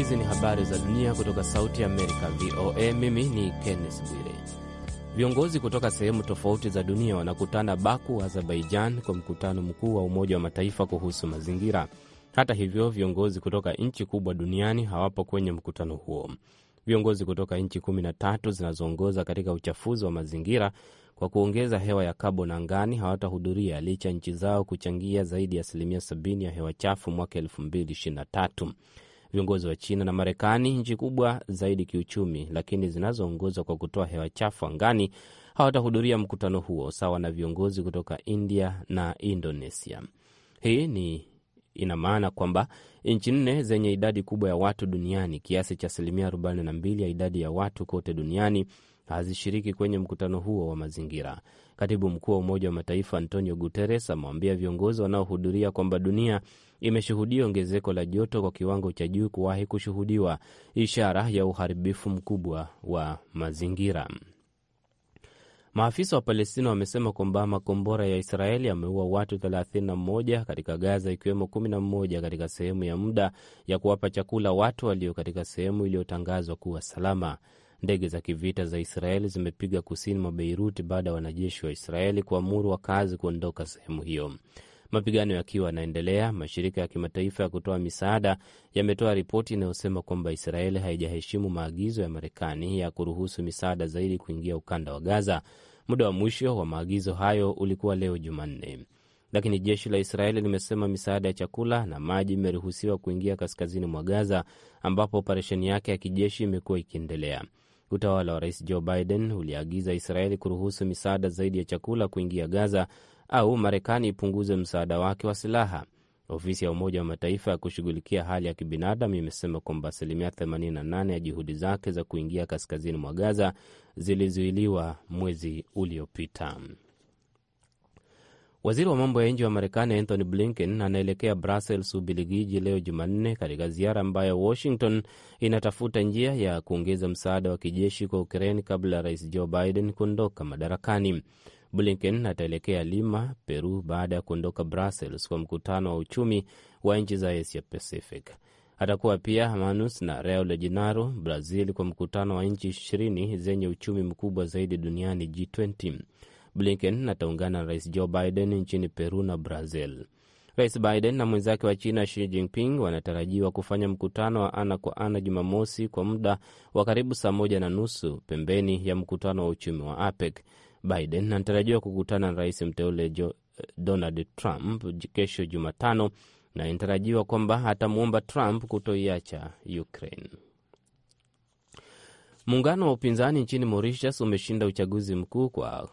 Hizi ni habari za dunia kutoka Sauti ya Amerika, VOA. Mimi ni kennes Bwire. Viongozi kutoka sehemu tofauti za dunia wanakutana Baku, Azerbaijan, kwa mkutano mkuu wa Umoja wa Mataifa kuhusu mazingira. Hata hivyo, viongozi kutoka nchi kubwa duniani hawapo kwenye mkutano huo. Viongozi kutoka nchi kumi na tatu zinazoongoza katika uchafuzi wa mazingira kwa kuongeza hewa ya kaboni angani hawatahudhuria licha nchi zao kuchangia zaidi ya asilimia 70 ya hewa chafu mwaka 2023. Viongozi wa China na Marekani, nchi kubwa zaidi kiuchumi lakini zinazoongozwa kwa kutoa hewa chafu angani, hawatahudhuria mkutano huo sawa na viongozi kutoka India na Indonesia. Hii ni ina maana kwamba nchi nne zenye idadi kubwa ya watu duniani kiasi cha asilimia 42 ya idadi ya watu kote duniani hazishiriki kwenye mkutano huo wa mazingira. Katibu mkuu wa Umoja wa Mataifa Antonio Guterres amewambia viongozi wanaohudhuria kwamba dunia imeshuhudia ongezeko la joto kwa kiwango cha juu kuwahi kushuhudiwa, ishara ya uharibifu mkubwa wa mazingira. Maafisa wa Palestina wamesema kwamba makombora ya Israeli yameua watu 31 katika Gaza, ikiwemo 11 katika sehemu ya muda ya kuwapa chakula watu walio katika sehemu iliyotangazwa kuwa salama. Ndege za kivita za Israeli zimepiga kusini mwa Beiruti baada ya wanajeshi wa Israeli kuamuru wakazi kuondoka sehemu hiyo. Mapigano yakiwa yanaendelea, mashirika ya kimataifa ya kutoa misaada yametoa ripoti inayosema kwamba Israeli haijaheshimu maagizo ya Marekani ya kuruhusu misaada zaidi kuingia ukanda wa Gaza. Muda wa mwisho wa maagizo hayo ulikuwa leo Jumanne, lakini jeshi la Israeli limesema misaada ya chakula na maji imeruhusiwa kuingia kaskazini mwa Gaza, ambapo operesheni yake ya kijeshi imekuwa ikiendelea. Utawala wa rais Joe Biden uliagiza Israeli kuruhusu misaada zaidi ya chakula kuingia Gaza, au Marekani ipunguze msaada wake wa silaha. Ofisi ya Umoja wa Mataifa ya kushughulikia hali ya kibinadamu imesema kwamba asilimia 88 ya juhudi zake za kuingia kaskazini mwa Gaza zilizuiliwa mwezi uliopita. Waziri wa mambo ya nje wa Marekani Anthony Blinken anaelekea Brussels, Ubiligiji, leo Jumanne, katika ziara ambayo Washington inatafuta njia ya kuongeza msaada wa kijeshi kwa Ukraine kabla ya rais Joe Biden kuondoka madarakani. Blinken ataelekea Lima, Peru, baada ya kuondoka Brussels kwa mkutano wa uchumi wa nchi za Asia Pacific. Atakuwa pia Manus na Rio de Janeiro, Brazil, kwa mkutano wa nchi ishirini zenye uchumi mkubwa zaidi duniani G20. Blinken ataungana na Rais Joe Biden nchini Peru na Brazil. Rais Biden na mwenzake wa China Xi Jinping wanatarajiwa kufanya mkutano wa ana kwa ana Jumamosi kwa muda wa karibu saa moja na nusu pembeni ya mkutano wa uchumi wa APEC. Biden anatarajiwa kukutana na rais mteule eh, Donald Trump kesho Jumatano, na inatarajiwa kwamba atamwomba Trump kutoiacha Ukraine. Muungano wa upinzani nchini Mauritius umeshinda uchaguzi mkuu kwa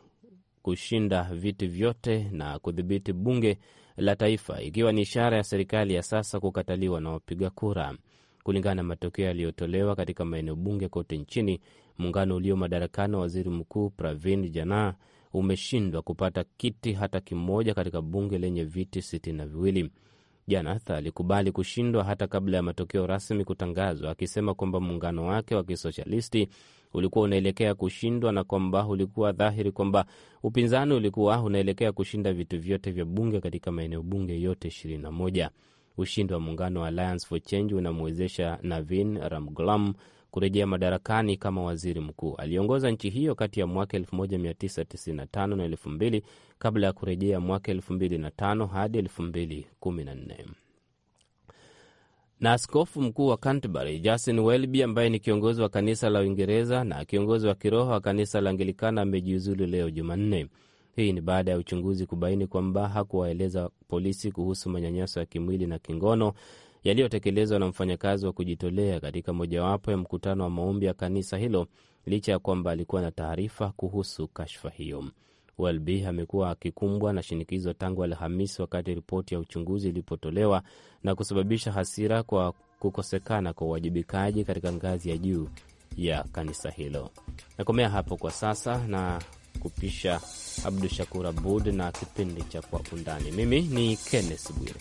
kushinda viti vyote na kudhibiti bunge la taifa, ikiwa ni ishara ya serikali ya sasa kukataliwa na wapiga kura. Kulingana na matokeo yaliyotolewa katika maeneo bunge kote nchini, Muungano ulio madarakani wa waziri mkuu Pravin Jana umeshindwa kupata kiti hata kimoja katika bunge lenye viti sitini na viwili. Janath alikubali kushindwa hata kabla ya matokeo rasmi kutangazwa, akisema kwamba muungano wake wa kisoshalisti ulikuwa unaelekea kushindwa na kwamba ulikuwa dhahiri kwamba upinzani ulikuwa unaelekea kushinda vitu vyote vya bunge katika maeneo bunge yote 21. Ushindi wa muungano wa Alliance for Change unamwezesha Navin Ramgoolam kurejea madarakani kama waziri mkuu. Aliongoza nchi hiyo kati ya mwaka 1995 na 2000 kabla ya kurejea mwaka 2005 hadi 2014 na askofu mkuu wa Canterbury Justin Welby ambaye ni kiongozi wa kanisa la Uingereza na kiongozi wa kiroho wa kanisa la Anglikana amejiuzulu leo Jumanne. Hii ni baada ya uchunguzi kubaini kwamba hakuwaeleza polisi kuhusu manyanyaso ya kimwili na kingono yaliyotekelezwa na mfanyakazi wa kujitolea katika mojawapo ya mkutano wa maombi ya kanisa hilo, licha ya kwamba alikuwa na taarifa kuhusu kashfa hiyo. Welby amekuwa akikumbwa na shinikizo tangu Alhamisi wakati ripoti ya uchunguzi ilipotolewa na kusababisha hasira kwa kukosekana kwa uwajibikaji katika ngazi ya juu ya kanisa hilo. Nakomea hapo kwa sasa na kupisha Abdu Shakur Abud na kipindi cha Kwa Undani. Mimi ni Kenneth Bwire.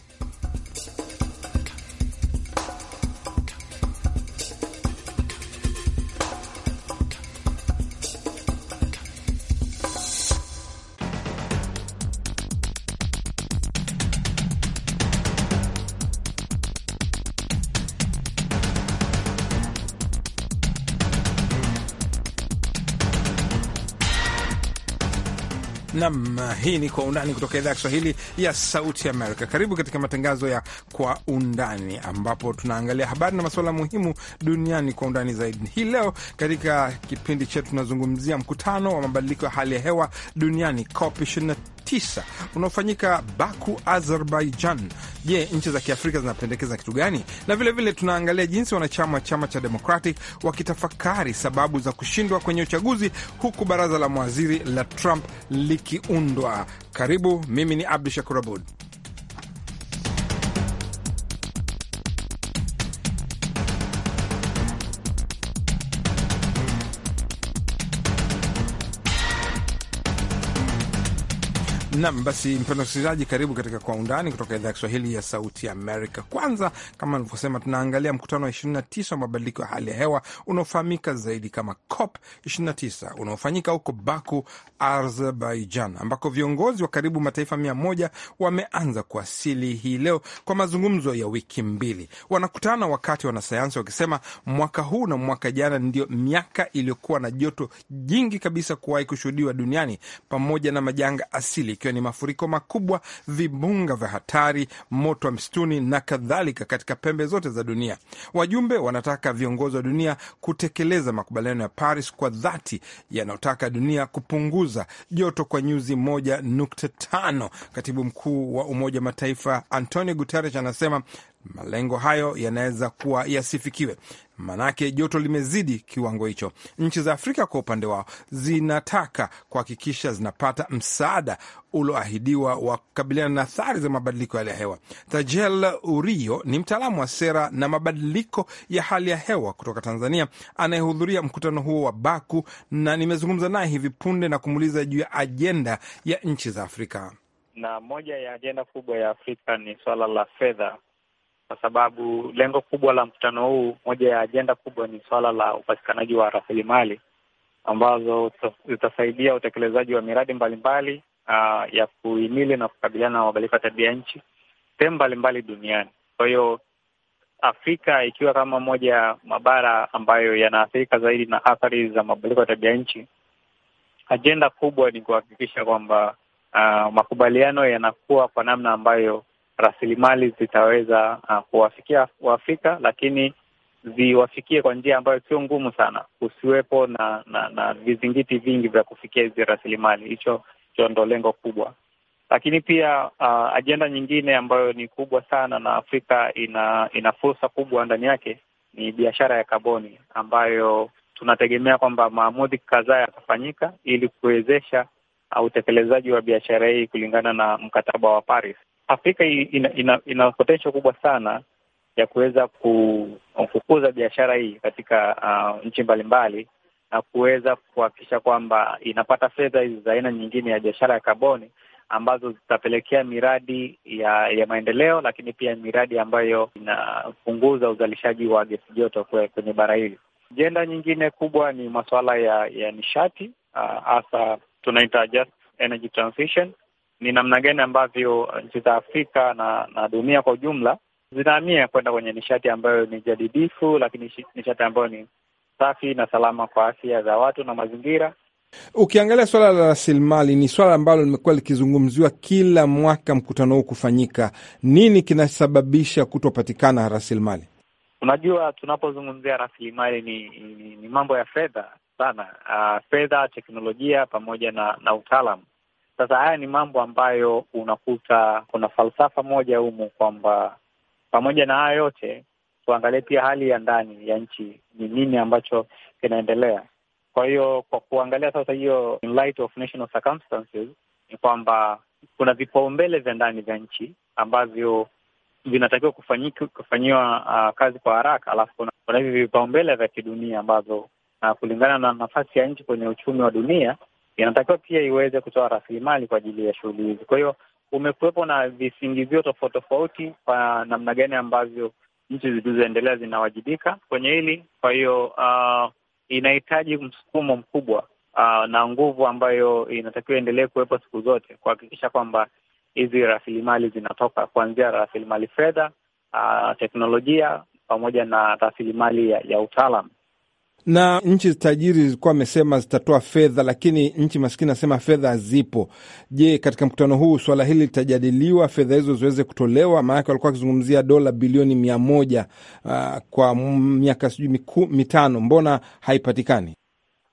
Nam, hii ni Kwa Undani kutoka idhaa ya Kiswahili ya Sauti Amerika. Karibu katika matangazo ya Kwa Undani, ambapo tunaangalia habari na masuala muhimu duniani kwa undani zaidi. Hii leo katika kipindi chetu tunazungumzia mkutano wa mabadiliko ya hali ya hewa duniani COP 29 unaofanyika Baku, Azerbaijan. Je, nchi za Kiafrika zinapendekeza kitu gani? Na vilevile vile tunaangalia jinsi wanachama wa chama cha Democratic wakitafakari sababu za kushindwa kwenye uchaguzi huku baraza la mawaziri la Trump likiundwa. Karibu, mimi ni Abdu Shakur Abud. Nam basi, mpendwa msikilizaji, karibu katika Kwa Undani kutoka idhaa ya Kiswahili ya Sauti ya Amerika. Kwanza, kama nilivyosema, tunaangalia mkutano wa 29 wa mabadiliko ya hali ya hewa unaofahamika zaidi kama COP 29 unaofanyika huko Baku, Azerbaijan, ambako viongozi wa karibu mataifa mia moja wameanza kuwasili hii leo kwa mazungumzo ya wiki mbili. Wanakutana wakati wanasayansi wakisema mwaka huu na mwaka jana ndio miaka iliyokuwa na joto jingi kabisa kuwahi kushuhudiwa duniani pamoja na majanga asili ikiwa ni mafuriko makubwa, vibunga vya hatari, moto wa msituni na kadhalika, katika pembe zote za dunia. Wajumbe wanataka viongozi wa dunia kutekeleza makubaliano ya Paris kwa dhati yanayotaka dunia kupunguza joto kwa nyuzi moja nukta tano. Katibu mkuu wa Umoja Mataifa Antonio Guterres anasema Malengo hayo yanaweza kuwa yasifikiwe, maanake joto limezidi kiwango hicho. Nchi za Afrika kwa upande wao zinataka kuhakikisha zinapata msaada ulioahidiwa wa kukabiliana na athari za mabadiliko ya hali ya hewa. Tajel Urio ni mtaalamu wa sera na mabadiliko ya hali ya hewa kutoka Tanzania anayehudhuria mkutano huo wa Baku, na nimezungumza naye hivi punde na kumuuliza juu ya ajenda ya nchi za Afrika na moja ya ajenda kubwa ya Afrika ni swala la fedha kwa sababu lengo kubwa la mkutano huu, moja ya ajenda kubwa ni swala la upatikanaji wa rasilimali ambazo zitasaidia utekelezaji wa miradi mbalimbali mbali, ah, ya kuhimili na kukabiliana na mabadiliko ya tabia nchi sehemu mbalimbali duniani. Kwa hiyo Afrika ikiwa kama moja ya mabara ambayo yanaathirika zaidi na athari za mabadiliko ya tabia nchi, ajenda kubwa ni kuhakikisha kwamba uh, makubaliano yanakuwa kwa namna ambayo rasilimali zitaweza uh, kuwafikia Waafrika, lakini ziwafikie kwa njia ambayo sio ngumu sana, kusiwepo na, na, na vizingiti vingi vya kufikia hizi rasilimali. Hicho ndo lengo kubwa, lakini pia uh, ajenda nyingine ambayo ni kubwa sana na Afrika ina ina fursa kubwa ndani yake ni biashara ya kaboni ambayo tunategemea kwamba maamuzi kadhaa yatafanyika ili kuwezesha uh, utekelezaji wa biashara hii kulingana na mkataba wa Paris Afrika ina, ina, ina potential kubwa sana ya kuweza kukuza biashara hii katika uh, nchi mbalimbali na kuweza kuhakikisha kwamba inapata fedha hizi za aina nyingine ya biashara ya kaboni ambazo zitapelekea miradi ya ya maendeleo, lakini pia miradi ambayo inapunguza uzalishaji wa gesi joto kwenye bara hili. Ajenda nyingine kubwa ni masuala ya ya nishati uh, hasa uh, tunaita just energy transition ni namna gani ambavyo nchi za Afrika na na dunia kwa ujumla zinaamia kwenda kwenye nishati ambayo ni jadidifu, lakini nishati ambayo ni safi na salama kwa afya za watu na mazingira. Ukiangalia swala la rasilimali ni swala ambalo limekuwa likizungumziwa kila mwaka mkutano huu kufanyika. Nini kinasababisha kutopatikana rasilimali? Unajua, tunapozungumzia rasilimali ni, ni, ni mambo ya fedha sana, uh, fedha, teknolojia pamoja na, na utaalamu sasa haya ni mambo ambayo unakuta kuna falsafa moja humu kwamba pamoja na haya yote tuangalie pia hali ya ndani ya nchi, ni nini ambacho kinaendelea. Kwa hiyo kwa kuangalia sasa hiyo in light of national circumstances, ni kwamba kuna vipaumbele vya ndani vya nchi ambavyo vinatakiwa kufanyiwa uh, kazi kwa haraka, alafu kuna hivi vipaumbele vya kidunia ambavyo uh, kulingana na nafasi ya nchi kwenye uchumi wa dunia inatakiwa pia iweze kutoa rasilimali kwa ajili ya shughuli hizi. Kwa hiyo umekuwepo na visingizio tofauti tofauti kwa namna gani ambavyo nchi zilizoendelea zinawajibika kwenye hili. Kwa hiyo uh, inahitaji msukumo mkubwa uh, na nguvu ambayo inatakiwa iendelee kuwepo siku zote kuhakikisha kwamba hizi rasilimali zinatoka, kuanzia rasilimali fedha, uh, teknolojia pamoja na rasilimali ya, ya utaalam na nchi tajiri zilikuwa amesema zitatoa fedha, lakini nchi maskini nasema fedha hazipo. Je, katika mkutano huu swala hili litajadiliwa, fedha hizo ziweze kutolewa? Maanake walikuwa wakizungumzia dola bilioni mia moja uh, kwa miaka sijui mitano, mbona haipatikani?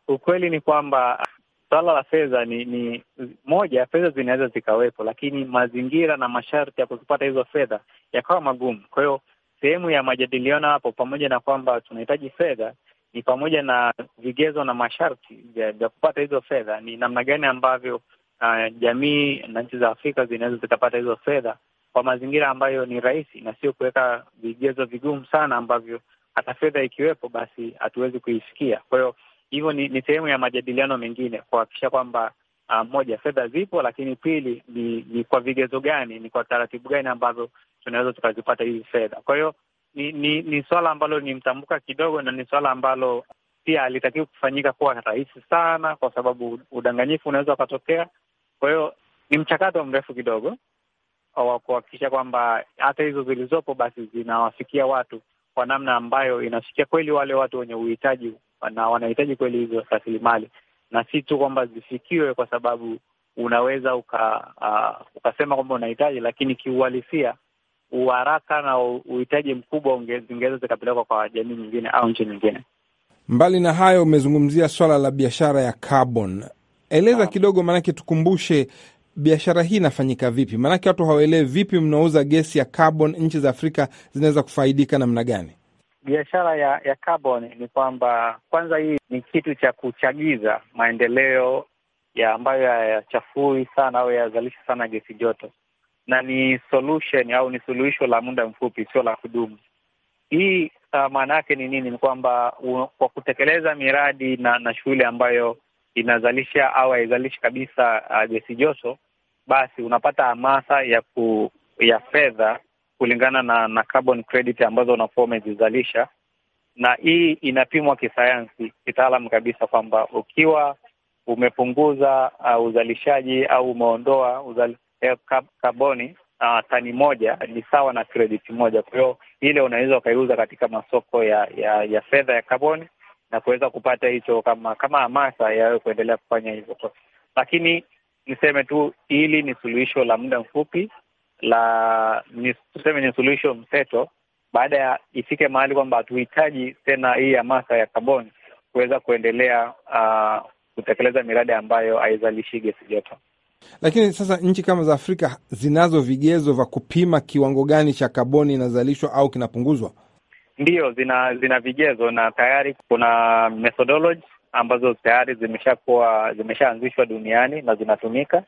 Ukweli ni kwamba swala la fedha ni, ni moja, fedha zinaweza zikawepo, lakini mazingira na masharti ya kuzipata hizo fedha yakawa magumu. Kwa hiyo sehemu ya majadiliano hapo, pamoja na kwamba tunahitaji fedha ni pamoja na vigezo na masharti vya kupata hizo fedha, ni namna gani ambavyo uh, jamii na nchi za Afrika zinaweza zikapata hizo fedha kwa mazingira ambayo ni rahisi na sio kuweka vigezo vigumu sana ambavyo hata fedha ikiwepo basi hatuwezi kuisikia Kwa hiyo hivyo ni sehemu ya majadiliano mengine kuhakikisha kwamba uh, moja, fedha zipo, lakini pili ni, ni kwa vigezo gani, ni kwa taratibu gani ambavyo tunaweza tukazipata hizi fedha. Kwa hiyo ni ni, ni swala ambalo ni mtambuka kidogo, na ni swala ambalo pia alitakiwa kufanyika kuwa rahisi sana, kwa sababu udanganyifu unaweza ukatokea. Kwa hiyo ni mchakato mrefu kidogo wa kuhakikisha kwamba hata hizo zilizopo basi zinawafikia watu kwa namna ambayo inafikia kweli wale watu wenye uhitaji na wanahitaji kweli hizo rasilimali, na si tu kwamba zifikiwe kwa sababu unaweza uka, uh, ukasema kwamba unahitaji, lakini kiuhalisia uharaka na uhitaji mkubwa zingeweza zikapelekwa kwa jamii nyingine au nchi nyingine. Mbali na hayo, umezungumzia swala la biashara ya carbon. Eleza kidogo, maanake tukumbushe biashara hii inafanyika vipi? Maanake watu hawaelewi. Vipi mnauza gesi ya carbon? Nchi za Afrika zinaweza kufaidika namna gani? Biashara ya ya carbon ni kwamba kwanza, hii ni kitu cha kuchagiza maendeleo ya ambayo hayachafui sana au yazalishi sana gesi joto na ni solution au ni suluhisho la muda mfupi, sio la kudumu. Hii uh, maana yake ni nini? Ni kwamba kwa kutekeleza miradi na na shughuli ambayo inazalisha au haizalishi kabisa gesi uh, joto, basi unapata hamasa ya ku, ya fedha kulingana na na carbon credit ambazo unakuwa umezizalisha, na hii inapimwa kisayansi kitaalam kabisa kwamba ukiwa umepunguza uh, uzalishaji au umeondoa uzali, kaboni eh, uh, ah, tani moja ni sawa na krediti moja. Kwa hiyo ile unaweza ukaiuza katika masoko ya ya, ya fedha ya kaboni na kuweza kupata hicho kama kama hamasa yawe kuendelea kufanya hivyo, lakini niseme tu hili ni suluhisho la muda mfupi la ni, tuseme ni suluhisho mseto, baada ya ifike mahali kwamba hatuhitaji tena hii hamasa ya kaboni kuweza kuendelea uh, kutekeleza miradi ambayo haizalishi gesi joto. Lakini sasa nchi kama za Afrika zinazo vigezo vya kupima kiwango gani cha kaboni inazalishwa au kinapunguzwa? Ndiyo, zina zina vigezo na tayari kuna methodology ambazo tayari zimeshakuwa zimeshaanzishwa duniani na zinatumika,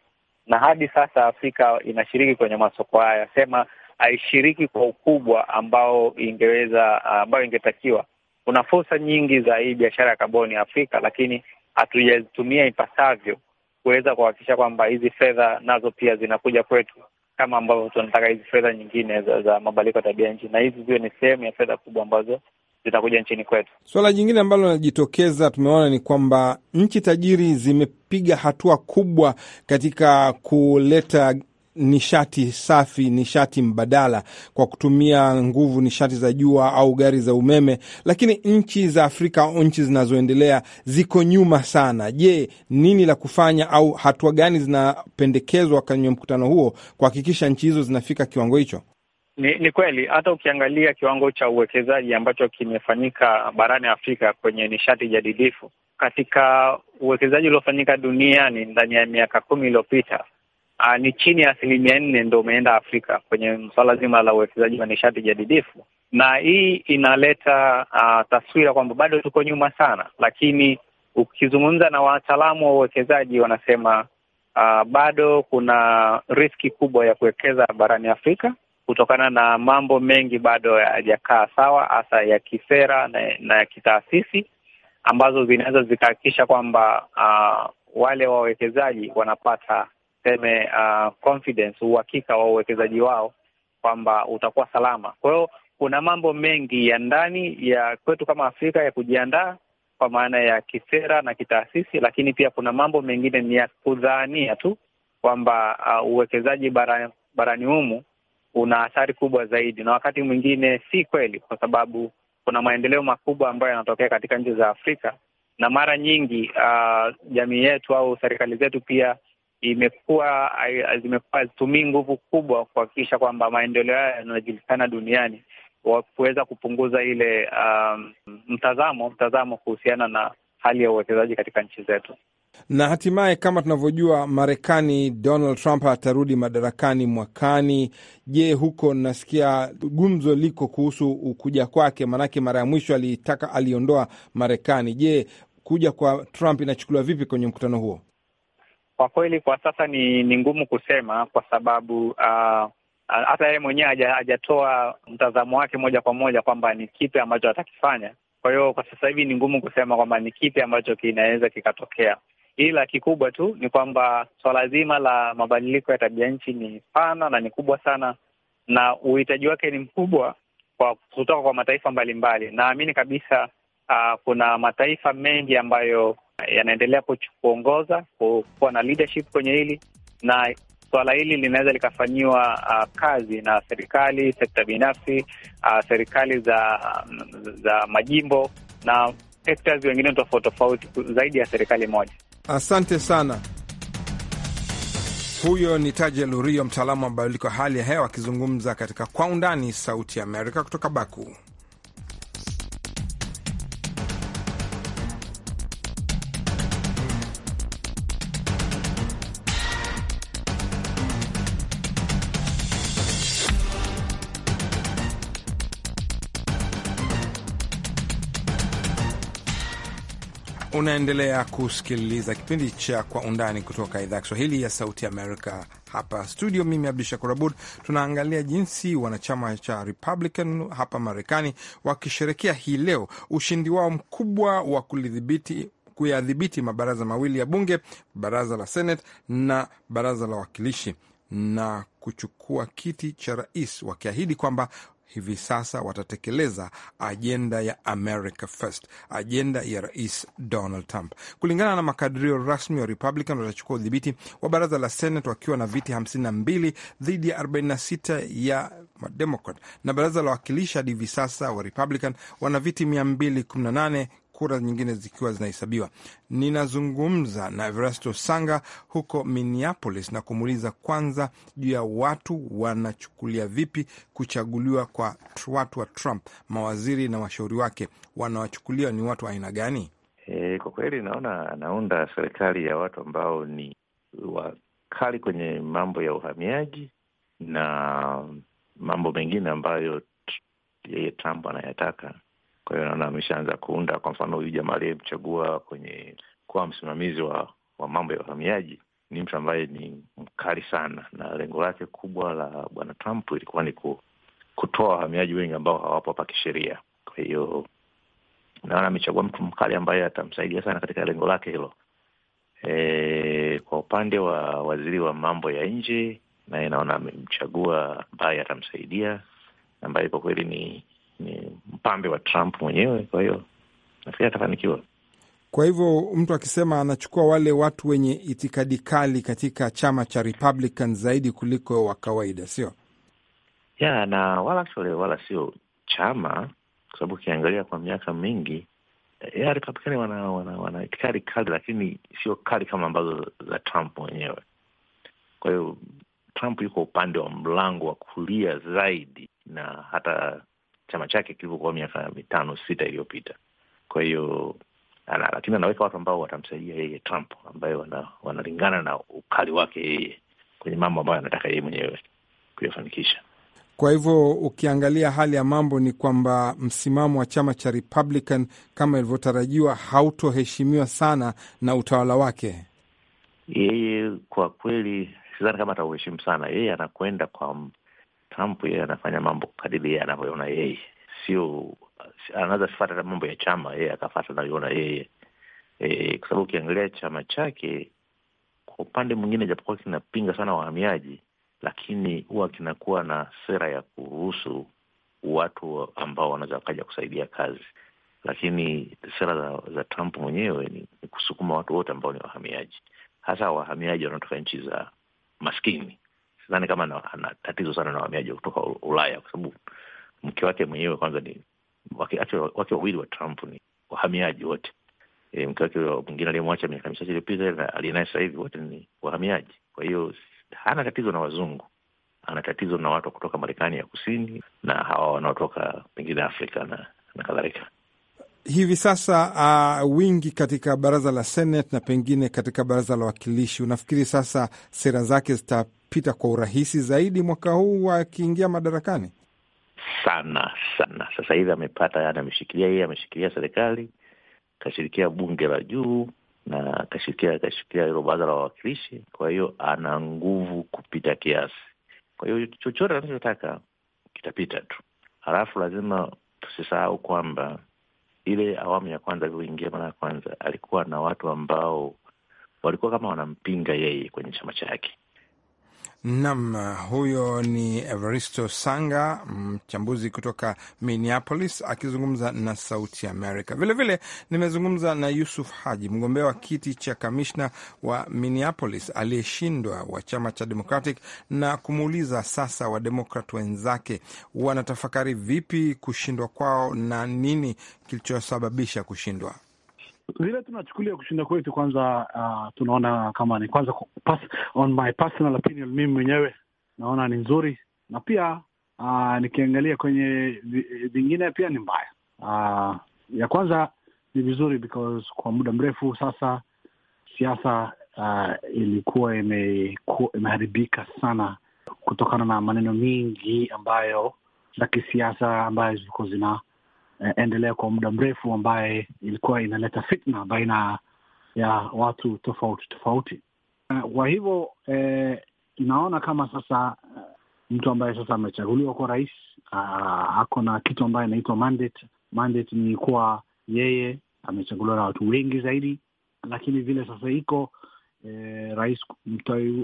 na hadi sasa Afrika inashiriki kwenye masoko haya, sema haishiriki kwa ukubwa ambao ingeweza ambayo ingetakiwa. Kuna fursa nyingi za hii biashara ya kaboni Afrika, lakini hatujazitumia ipasavyo kuweza kuhakikisha kwamba hizi fedha nazo pia zinakuja kwetu kama ambavyo tunataka hizi fedha nyingine za, za mabadiliko ya tabia nchi, na hizi ziwe ni sehemu ya fedha kubwa ambazo zitakuja nchini kwetu. Suala jingine ambalo linajitokeza tumeona ni kwamba nchi tajiri zimepiga hatua kubwa katika kuleta nishati safi, nishati mbadala kwa kutumia nguvu, nishati za jua au gari za umeme, lakini nchi za Afrika au nchi zinazoendelea ziko nyuma sana. Je, nini la kufanya au hatua gani zinapendekezwa kwenye mkutano huo kuhakikisha nchi hizo zinafika kiwango hicho? Ni, ni kweli hata ukiangalia kiwango cha uwekezaji ambacho kimefanyika barani Afrika kwenye nishati jadidifu katika uwekezaji uliofanyika duniani ndani ya miaka kumi iliyopita uh, ni chini ya asilimia nne ndo umeenda Afrika kwenye swala zima la uwekezaji wa nishati jadidifu, na hii inaleta uh, taswira kwamba bado tuko nyuma sana, lakini ukizungumza na wataalamu wa uwekezaji wanasema uh, bado kuna riski kubwa ya kuwekeza barani Afrika kutokana na mambo mengi bado hayajakaa sawa, hasa ya kisera na, na ya kitaasisi ambazo zinaweza zikahakikisha kwamba uh, wale wawekezaji wanapata tuseme uh, confidence, uhakika wa uwekezaji wao kwamba utakuwa salama. Kwa hiyo kuna mambo mengi ya ndani ya kwetu kama Afrika ya kujiandaa kwa maana ya kisera na kitaasisi, lakini pia kuna mambo mengine ni ya kudhania tu kwamba uh, uwekezaji barani, barani humu una athari kubwa zaidi, na wakati mwingine si kweli, kwa sababu kuna maendeleo makubwa ambayo yanatokea katika nchi za Afrika, na mara nyingi uh, jamii yetu au serikali zetu pia imekuwa zimekuwa hazitumii nguvu kubwa kuhakikisha kwamba maendeleo hayo yanajulikana duniani, wakuweza kupunguza ile um, mtazamo mtazamo kuhusiana na hali ya uwekezaji katika nchi zetu. Na hatimaye, kama tunavyojua, Marekani, Donald Trump atarudi madarakani mwakani. Je, huko nasikia gumzo liko kuhusu kuja kwake, maanake mara ya mwisho alitaka aliondoa Marekani. Je, kuja kwa Trump inachukuliwa vipi kwenye mkutano huo? Kwa kweli kwa sasa ni ni ngumu kusema kwa sababu uh, hata yeye mwenyewe hajatoa mtazamo wake moja kwa moja kwamba ni kipi ambacho atakifanya. Kwa hiyo kwa sasa hivi ni ngumu kusema kwamba ni kipi ambacho kinaweza kikatokea, ila kikubwa tu ni kwamba swala zima la mabadiliko ya tabia nchi ni pana na ni kubwa sana, na uhitaji wake ni mkubwa kwa kutoka kwa mataifa mbalimbali. Naamini kabisa uh, kuna mataifa mengi ambayo yanaendelea kuongoza kuwa na leadership kwenye hili, na swala hili linaweza likafanyiwa uh, kazi na serikali, sekta binafsi, uh, serikali za um, za majimbo na sectors wengine tofauti tofauti zaidi ya serikali moja. Asante sana. Huyo ni taje Lurio, mtaalamu wa mabadiliko ya hali ya hewa akizungumza katika Kwa Undani, Sauti ya Amerika kutoka Baku. Unaendelea kusikiliza kipindi cha Kwa Undani kutoka idhaa ya Kiswahili ya Sauti Amerika hapa studio. Mimi Abdu Shakur Abud. Tunaangalia jinsi wanachama cha Republican hapa Marekani wakisherekea hii leo ushindi wao mkubwa wa kulidhibiti kuyadhibiti mabaraza mawili ya bunge, baraza la Senate na baraza la wawakilishi na kuchukua kiti cha rais, wakiahidi kwamba hivi sasa watatekeleza ajenda ya America First, ajenda ya Rais Donald Trump. Kulingana na makadirio rasmi wa Republican watachukua udhibiti wa baraza la Senate wakiwa na viti 52 dhidi ya 46 ya Mademokrat, na baraza la wawakilishi hadi hivi sasa wa Republican wana viti 218 kura nyingine zikiwa zinahesabiwa. Ninazungumza na Everasto Sanga huko Minneapolis na kumuuliza kwanza juu ya watu wanachukulia vipi kuchaguliwa kwa watu wa Trump, mawaziri na washauri wake wanawachukulia ni watu wa aina gani? E, kwa kweli naona anaunda serikali ya watu ambao ni wakali kwenye mambo ya uhamiaji na mambo mengine ambayo yeye Trump anayataka kwa hiyo naona ameshaanza kuunda, kwa mfano huyu jamaa aliyemchagua kwenye kuwa msimamizi wa, wa mambo ya uhamiaji ni mtu ambaye ni mkali sana, na lengo lake kubwa la bwana Trump ilikuwa ni kutoa wahamiaji wengi ambao hawapo hapa kisheria. Kwa hiyo naona amechagua mtu mkali ambaye atamsaidia sana katika lengo lake hilo. E, kwa upande wa waziri wa mambo ya nje naye naona amemchagua ambaye atamsaidia, ambaye kwa kweli ni ni mpambe wa Trump mwenyewe, kwa hiyo nafikiri atafanikiwa. Kwa hivyo mtu akisema anachukua wale watu wenye itikadi kali katika chama cha Republican zaidi kuliko wa kawaida, sio ya na wala actually, wala sio chama, kwa sababu ukiangalia kwa miaka mingi eh, ya Republican wana, wana, wana itikadi kali, lakini sio kali kama ambazo za Trump mwenyewe. Kwa hiyo Trump yuko upande wa mlango wa kulia zaidi, na hata chama chake kilivyokuwa miaka mitano sita iliyopita. Kwa hiyo ana, lakini anaweka watu ambao watamsaidia yeye Trump, ambayo wana, wanalingana na ukali wake yeye kwenye mambo ambayo anataka yeye mwenyewe kuyafanikisha. Kwa hivyo ukiangalia hali ya mambo ni kwamba msimamo wa chama cha Republican kama ilivyotarajiwa hautoheshimiwa sana na utawala wake. Yeye kwa kweli sidhani kama atauheshimu sana. Yeye anakwenda kwa Trump yeye anafanya mambo kadiri anavyoona yeye, sio anaweza sifata mambo ya chama, yeye akafata anavyoona yeye e, kwa sababu ukiangalia chama chake kwa upande mwingine, japokuwa kinapinga sana wahamiaji, lakini huwa kinakuwa na sera ya kuruhusu watu ambao wanaweza wakaja kusaidia kazi, lakini sera za, za Trump mwenyewe ni, ni kusukuma watu wote ambao ni wahamiaji, hasa wahamiaji wanaotoka nchi za maskini sidhani kama ana tatizo sana na wahamiaji kutoka Ulaya kwa sababu mke wake mwenyewe kwanza ni wake wawili wa Trump ni wahamiaji wote. E, mke wake mwingine aliyemwacha miaka michache iliyopita na aliyenaye sasa hivi wote ni wahamiaji. Kwa hiyo hana tatizo na wazungu, ana tatizo na watu wa kutoka Marekani ya kusini na hawa wanaotoka pengine Afrika na, na kadhalika. Hivi sasa uh, wingi katika baraza la Senate na pengine katika baraza la wakilishi unafikiri sasa sera zake zita kupita kwa urahisi zaidi mwaka huu akiingia madarakani? Sana sana. Sasa hivi amepata, yani ameshikilia yeye, ameshikilia serikali, kashirikia bunge la juu na kashirikia kashirikia hilo baraza la wawakilishi. Kwa hiyo ana nguvu kupita kiasi, kwa hiyo chochote anachotaka kitapita tu. Halafu lazima tusisahau kwamba ile awamu ya kwanza alivyoingia mara ya kwanza alikuwa na watu ambao walikuwa kama wanampinga yeye kwenye chama chake, Nam, huyo ni Evaristo Sanga, mchambuzi kutoka Minneapolis akizungumza na Sauti Amerika. Vilevile nimezungumza na Yusuf Haji, mgombea wa kiti cha kamishna wa Minneapolis aliyeshindwa wa chama cha Democratic, na kumuuliza sasa wademokrat wenzake wanatafakari vipi kushindwa kwao na nini kilichosababisha kushindwa vile tunachukulia kushinda kwetu kwanza, uh, tunaona kama ni kwanza, pass, on my personal opinion, mimi mwenyewe naona ni nzuri, na pia uh, nikiangalia kwenye vingine pia ni mbaya. Uh, ya kwanza ni vizuri because kwa muda mrefu sasa siasa uh, ilikuwa imeharibika sana kutokana na maneno mingi ambayo za kisiasa ambayo zilikuwa zina Eh, endelea kwa muda mrefu, ambaye ilikuwa inaleta fitna baina ya watu tofauti tofauti. Eh, kwa hivyo eh, naona kama sasa eh, mtu ambaye sasa amechaguliwa kwa rais ah, ako na kitu ambaye inaitwa mandate. Mandate ni kuwa yeye amechaguliwa na watu wengi zaidi, lakini vile sasa iko eh, rais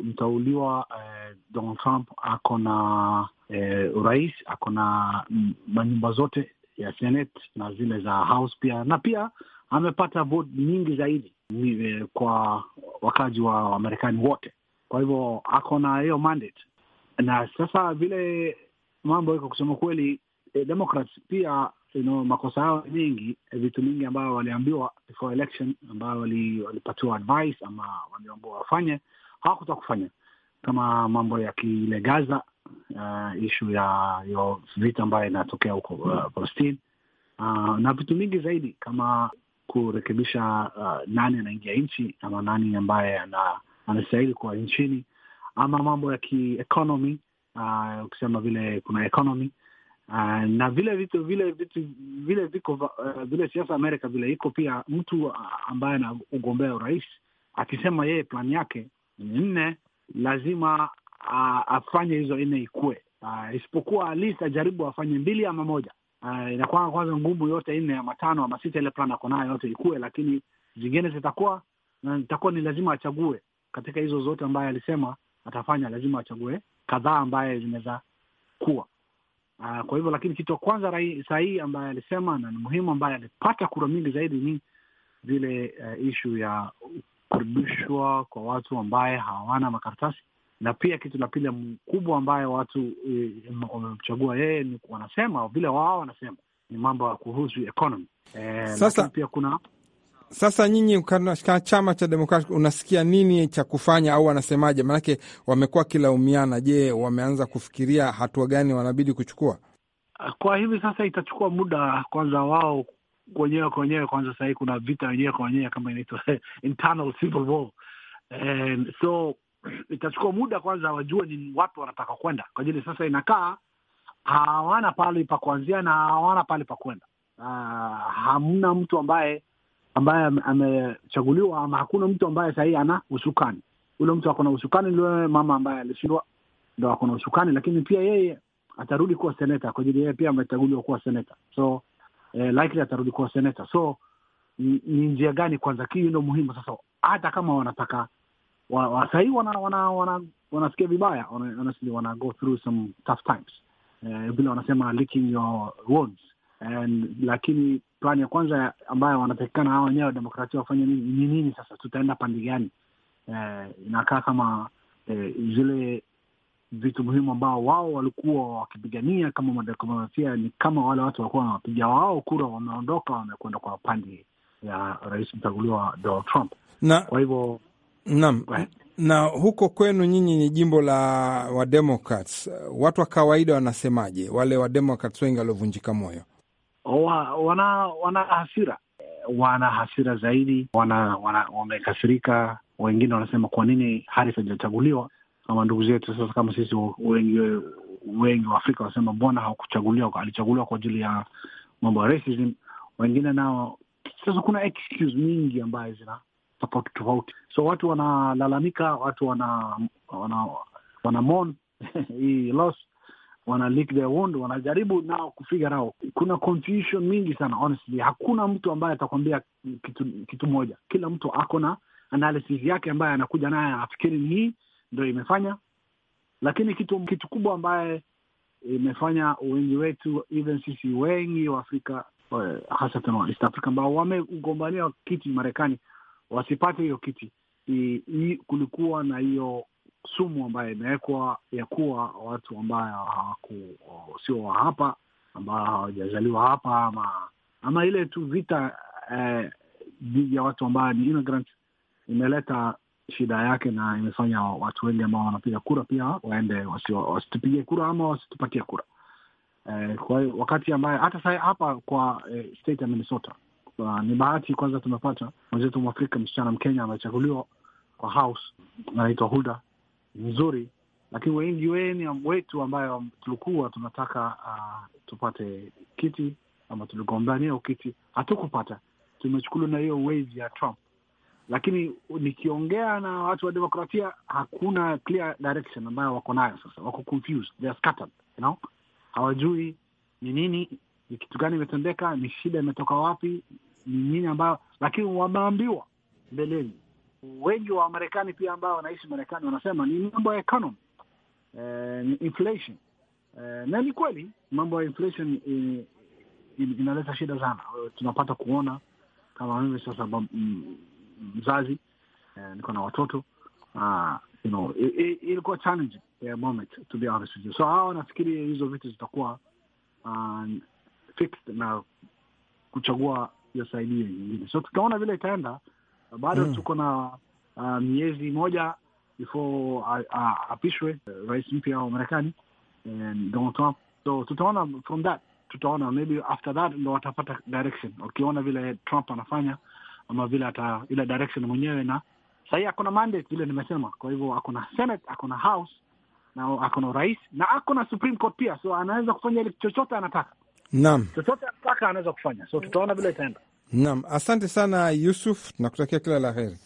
mtauliwa eh, Donald Trump ako na eh, urais, ako na manyumba zote ya Senate na zile za House pia, na pia amepata vote nyingi zaidi e, kwa wakazi wa Wamarekani wote. Kwa hivyo ako na hiyo mandate, na sasa vile mambo iko, kusema kweli, eh, Democrats pia you know, makosa yao mengi, e, vitu mingi ambayo waliambiwa before election, ambayo walipatiwa advice ama waliambiwa wafanye hawakutaka kufanya kama mambo ya kile Gaza, uh, ishu ya yo vita ambayo inatokea huko uh, Palestine uh, na vitu mingi zaidi kama kurekebisha uh, nani anaingia nchi ama nani ambaye anastahili kuwa nchini ama mambo ya kieconomy uh, ukisema vile kuna economy Uh, na vile vitu vile vitu vile viko uh, vile siasa Amerika vile iko pia, mtu uh, ambaye anaugombea urais akisema yeye plani yake ni nne lazima uh, afanye hizo nne ikue, uh, isipokuwa at ajaribu afanye mbili ama moja. Uh, inakuwa kwanza ngumu yote nne ama tano ama sita, ile plan ako nayo yote ikue, lakini zingine zitakuwa itakuwa ni lazima achague katika hizo zote ambaye alisema atafanya, lazima achague kadhaa ambaye zinaweza kuwa uh, kwa hivyo. Lakini kitu kwanza sahihi ambaye alisema na ni muhimu, ambaye alipata kura mingi zaidi ni zile uh, ishu ya kurudishwa kwa watu ambaye hawana makaratasi, na pia kitu la pili mkubwa ambaye watu eh, wamemchagua e, yeye ni wanasema vile wao wanasema ni mambo ya kuhusu economy e, sasa pia kuna sasa nyinyi kaa chama cha demokrati unasikia nini cha kufanya au wanasemaje? Maanake wamekuwa kilaumiana Je, wameanza kufikiria hatua gani wanabidi kuchukua? Kwa hivi sasa itachukua muda kwanza wao wenyewe kwa wenyewe. Kwanza sahii kuna vita wenyewe kwa wenyewe kama inaitwa internal civil war, and so itachukua muda kwanza wajue ni wapi wanataka kwenda, kwa ajili sasa inakaa hawana pahali pa kuanzia na hawana pahali pa kwenda. Uh, hamna mtu ambaye ambaye amechaguliwa ama hakuna mtu ambaye sahii ana usukani. Ule mtu akona usukani ndiye mama ambaye alishindwa, ndo ako na usukani, lakini pia yeye atarudi kuwa seneta kwa ajili yeye pia amechaguliwa kuwa seneta. So eh, likely atarudi kuwa seneta. So ni njia gani kwanza, hii ndo muhimu sasa. Hata kama wanataka wasahii wana, wana, wana, wanasikia vibaya honestly, wana go through some tough times eh, vile wanasema licking your wounds And, lakini plani ya kwanza ambayo wanatakikana hawa wenyewe wademokrasia wafanye ni nini? Sasa tutaenda pande gani? Eh, inakaa kama eh, zile vitu muhimu ambao wao walikuwa wakipigania kama mademokrasia, ni kama wale watu walikuwa wanawapiga wao kura, wameondoka, wamekwenda kwa upande ya rais mchaguliwa Donald Trump na, kwa hivyo naam na huko kwenu nyinyi ni jimbo la wademokrat watu wa kawaida wanasemaje? Wale Wademokrats wengi waliovunjika moyo, wana wana hasira, wana hasira zaidi, wana, wana wamekasirika. Wengine wanasema kwa nini Harris hajachaguliwa? kama ndugu zetu sasa, kama sisi wengi wengi wa Afrika wanasema mbona hakuchaguliwa, alichaguliwa kwa ajili ya mambo ya racism. Wengine nao sasa, kuna excuse mingi ambayo zina tofauti tofauti, so watu wanalalamika, watu wana wana wana hii loss, wana lick their wound, wanajaribu nao kufigure out. Kuna confusion mingi sana honestly, hakuna mtu ambaye atakwambia kitu kitu moja. Kila mtu ako na analysis yake ambaye anakuja naye, afikiri ni hii ndo imefanya, lakini kitu kitu kubwa ambaye imefanya wengi wetu, even sisi wengi wa Afrika eh, hasa wa East Africa ambao wamegombania kiti Marekani wasipate hiyo kiti I, i, kulikuwa na hiyo sumu ambayo imewekwa ya kuwa watu ambayo hawaku sio wa hapa ambao hawajazaliwa hapa ama ama ile tu vita eh, dhidi eh, ya watu ambayo ni immigrant imeleta shida yake, na imefanya watu wengi ambao wanapiga kura pia waende wasitupige kura ama wasitupatie kura. Eh, kwa hiyo wakati ambaye hata sa hapa kwa eh, state ya Minnesota uh, ni bahati kwanza tumepata mwenzetu Mwafrika msichana Mkenya amechaguliwa kwa house, anaitwa Hulda nzuri, lakini wengi weni wetu ambayo tulikuwa tunataka uh, tupate kiti ama tuligombania ukiti hatukupata, tumechukuliwa na hiyo wezi ya Trump lakini nikiongea na watu wa demokrasia hakuna clear direction ambayo wako nayo sasa. Wako confused, they are scattered, you know? Hawajui ni nini, ni kitu gani imetendeka, ni shida imetoka wapi, ni nini ambayo, lakini wameambiwa mbeleni. Wengi wa marekani pia ambao wanaishi Marekani wanasema ni mambo ya economy, eh, inflation eh, na ni kweli mambo ya inflation eh, inaleta shida sana. Tunapata kuona kama hivi sasa mm, mzazi uh, niko na watoto uh, you know, ilikuwa challenging yeah, moment to be honest with you. So hawa nafikiri hizo vitu zitakuwa uh, fixed na kuchagua hiyo saidi nyingine, so tutaona vile itaenda. Bado mm. tuko na uh, miezi moja before apishwe uh, rais mpya wa Marekani eh, Donald Trump, so tutaona from that, tutaona maybe after that ndo watapata direction, wakiona vile Trump anafanya ama vile ata ile direction mwenyewe, na sahii akona mandate vile nimesema. Kwa hivyo akona Senate, akona House na akona rais na akona Supreme Court pia, so anaweza kufanya ile chochote anataka. Naam, chochote anataka anaweza kufanya, so tutaona vile itaenda. Naam, asante sana Yusuf, tunakutakia kila la heri.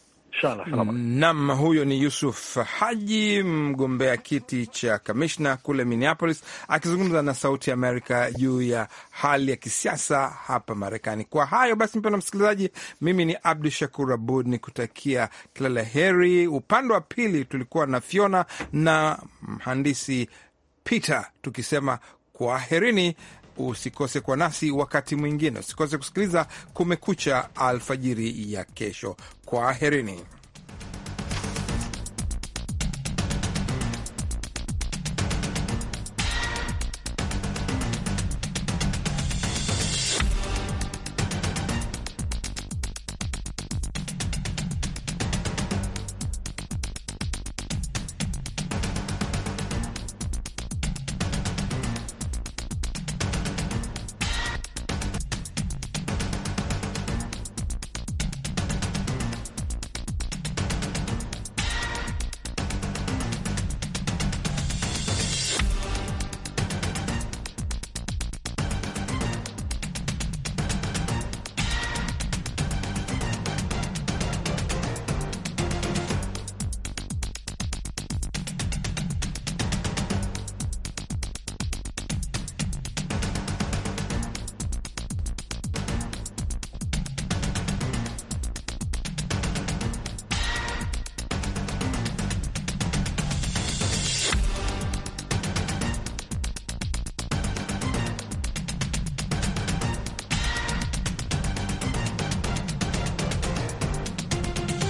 Naam, huyo ni Yusuf Haji, mgombea kiti cha kamishna kule Minneapolis, akizungumza na Sauti Amerika juu ya hali ya kisiasa hapa Marekani. Kwa hayo basi, mpendwa msikilizaji, mimi ni Abdu Shakur Abud ni kutakia kila la heri. Upande wa pili tulikuwa na Fiona na mhandisi Peter tukisema kwaherini Usikose kwa nasi wakati mwingine, usikose kusikiliza Kumekucha alfajiri ya kesho. Kwaherini.